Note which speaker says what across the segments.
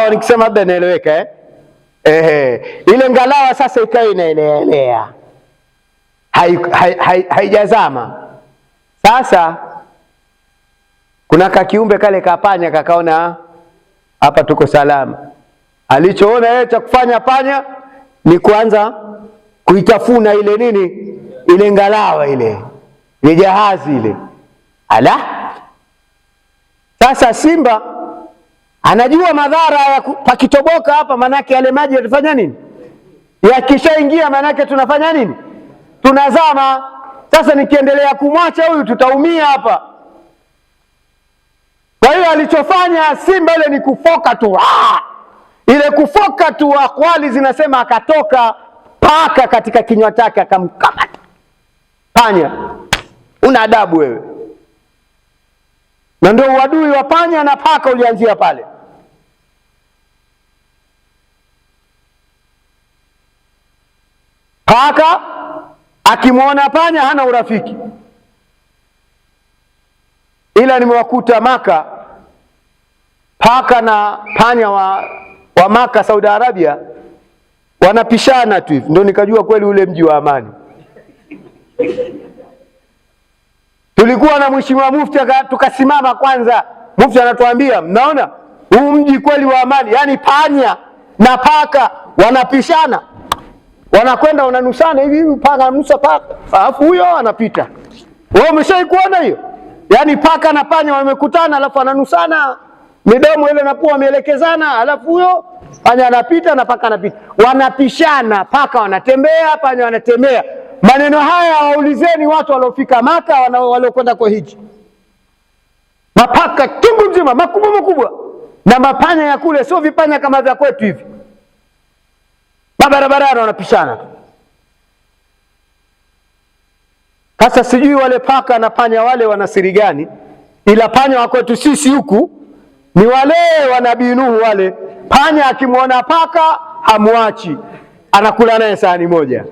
Speaker 1: ngalawa nikisema labda inaeleweka eh? ile ngalawa sasa ikawa inaeleaelea haijazama hai, hai, sasa kuna kakiumbe kale kapanya kakaona hapa tuko salama. Alichoona yeye cha kufanya panya ni kuanza kuitafuna ile nini, ile ngalawa ile, ile jahazi ile. Ala, sasa simba anajua madhara ya pakitoboka hapa, manake yale maji yatafanya nini? Yakishaingia manake tunafanya nini? Tunazama. Sasa nikiendelea kumwacha huyu tutaumia hapa. Kwa hiyo alichofanya Simba ile ni kufoka tu, ah! ile kufoka tu, akwali zinasema akatoka paka katika kinywa chake akamkamata panya. Una adabu wewe? Na ndio uadui wa panya na paka ulianzia pale. Paka akimwona panya hana urafiki, ila nimewakuta Maka paka na panya wa, wa Maka Saudi Arabia wanapishana tu hivi, ndo nikajua kweli ule mji wa amani. Tulikuwa na mheshimiwa mufti tukasimama kwanza, mufti anatuambia mnaona huu mji kweli wa amani, yaani panya na paka wanapishana wanakwenda wananusana hivi hivi, paka anusa paka, alafu huyo anapita. Wewe umeshaikuona hiyo? Yaani paka na panya wamekutana, alafu ananusana midomo ile na pua wameelekezana, alafu huyo panya anapita na paka anapita, wanapishana. Paka wanatembea, panya wanatembea. Maneno haya waulizeni watu waliofika Maka, waliokwenda kwa hiji. Mapaka chungu mzima makubwa makubwa, na mapanya ya kule sio vipanya kama vya kwetu hivi mabarabarani wanapishana tu. Sasa sijui wale paka na panya wale wana siri gani, ila panya wa kwetu sisi huku ni wale wanabii Nuhu wale. Panya akimwona paka hamwachi, anakula naye sahani moja.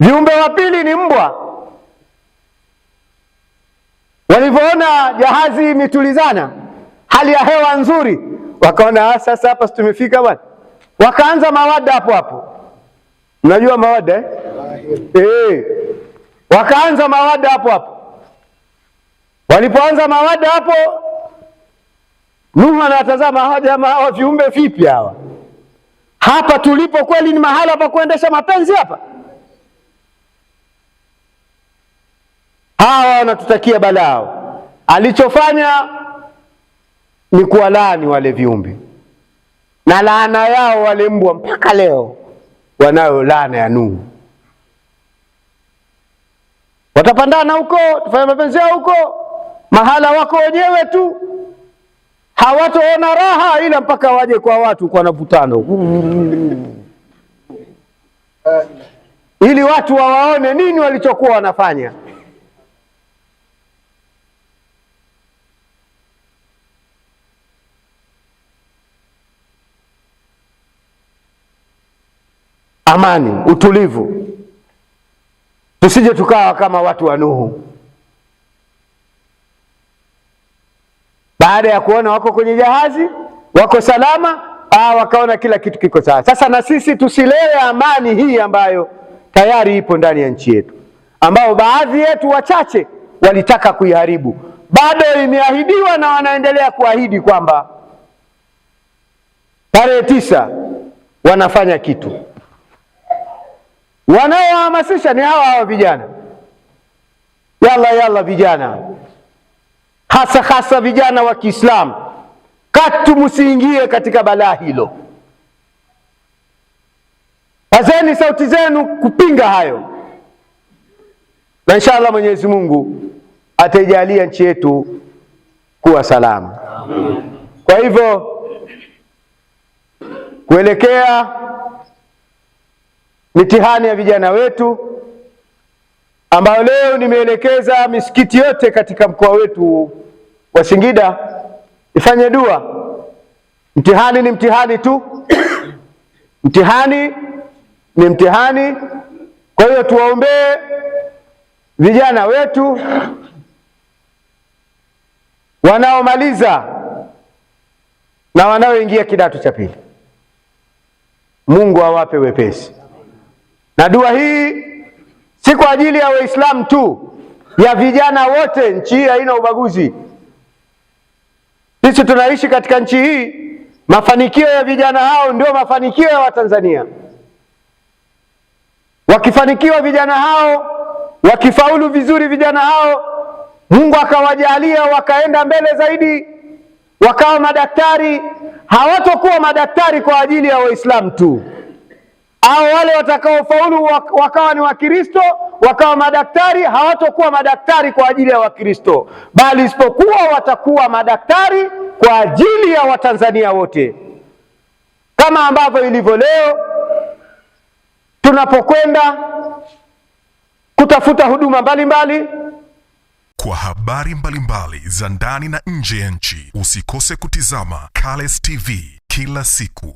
Speaker 1: Viumbe wa pili ni mbwa. Walivyoona jahazi imetulizana hali ya hewa nzuri, wakaona ah, sasa hapa tumefika bwana, wakaanza mawada hapo hapo. Mnajua mawada eh? E, wakaanza mawada hapo hapo. Walipoanza mawada hapo, Nuhu anatazama hawa jamaa, hawa viumbe vipi hawa? Hapa tulipo kweli ni mahala pa kuendesha mapenzi hapa? Hawa wanatutakia balaa. Alichofanya ni kuwalaani wale viumbe, na laana yao wale mbwa mpaka leo wanayo laana ya Nuhu. Watapandana huko, tufanye mapenzi yao huko, mahala wako wenyewe tu, hawatoona raha ila mpaka waje kwa watu, kwa navutano ili watu wawaone nini walichokuwa wanafanya. amani, utulivu, tusije tukawa kama watu wa Nuhu. Baada ya kuona wako kwenye jahazi, wako salama, ah, wakaona kila kitu kiko sawa. Sasa na sisi tusilewe amani hii ambayo tayari ipo ndani ya nchi yetu, ambao baadhi yetu wachache walitaka kuiharibu. Bado imeahidiwa na wanaendelea kuahidi kwamba tarehe tisa wanafanya kitu wanaohamasisha ni hawa hawa vijana, yalla yalla vijana, hasa hasa vijana wa Kiislamu, katu msiingie katika balaa hilo. Pazeni sauti zenu kupinga hayo, na inshallah Mwenyezi Mungu ataijalia nchi yetu kuwa salama. Kwa hivyo kuelekea mitihani ya vijana wetu ambayo leo nimeelekeza misikiti yote katika mkoa wetu wa Singida ifanye dua. Mtihani ni mtihani tu, mtihani ni mtihani. Kwa hiyo tuwaombee vijana wetu wanaomaliza na wanaoingia kidato cha pili, Mungu awape wepesi. Na dua hii si kwa ajili ya Waislamu tu, ya vijana wote. Nchi hii haina ubaguzi. Sisi tunaishi katika nchi hii, mafanikio ya vijana hao ndio mafanikio ya Watanzania. Wakifanikiwa vijana hao, wakifaulu vizuri vijana hao, Mungu akawajalia wakaenda mbele zaidi, wakawa madaktari, hawatokuwa madaktari kwa ajili ya Waislamu tu au wale watakaofaulu wakawa ni Wakristo wakawa madaktari, hawatokuwa madaktari kwa ajili ya Wakristo, bali isipokuwa watakuwa madaktari kwa ajili ya Watanzania wote, kama ambavyo ilivyo leo tunapokwenda kutafuta huduma mbalimbali mbali. Kwa habari mbalimbali za ndani na nje ya nchi, usikose kutizama Cales TV kila siku.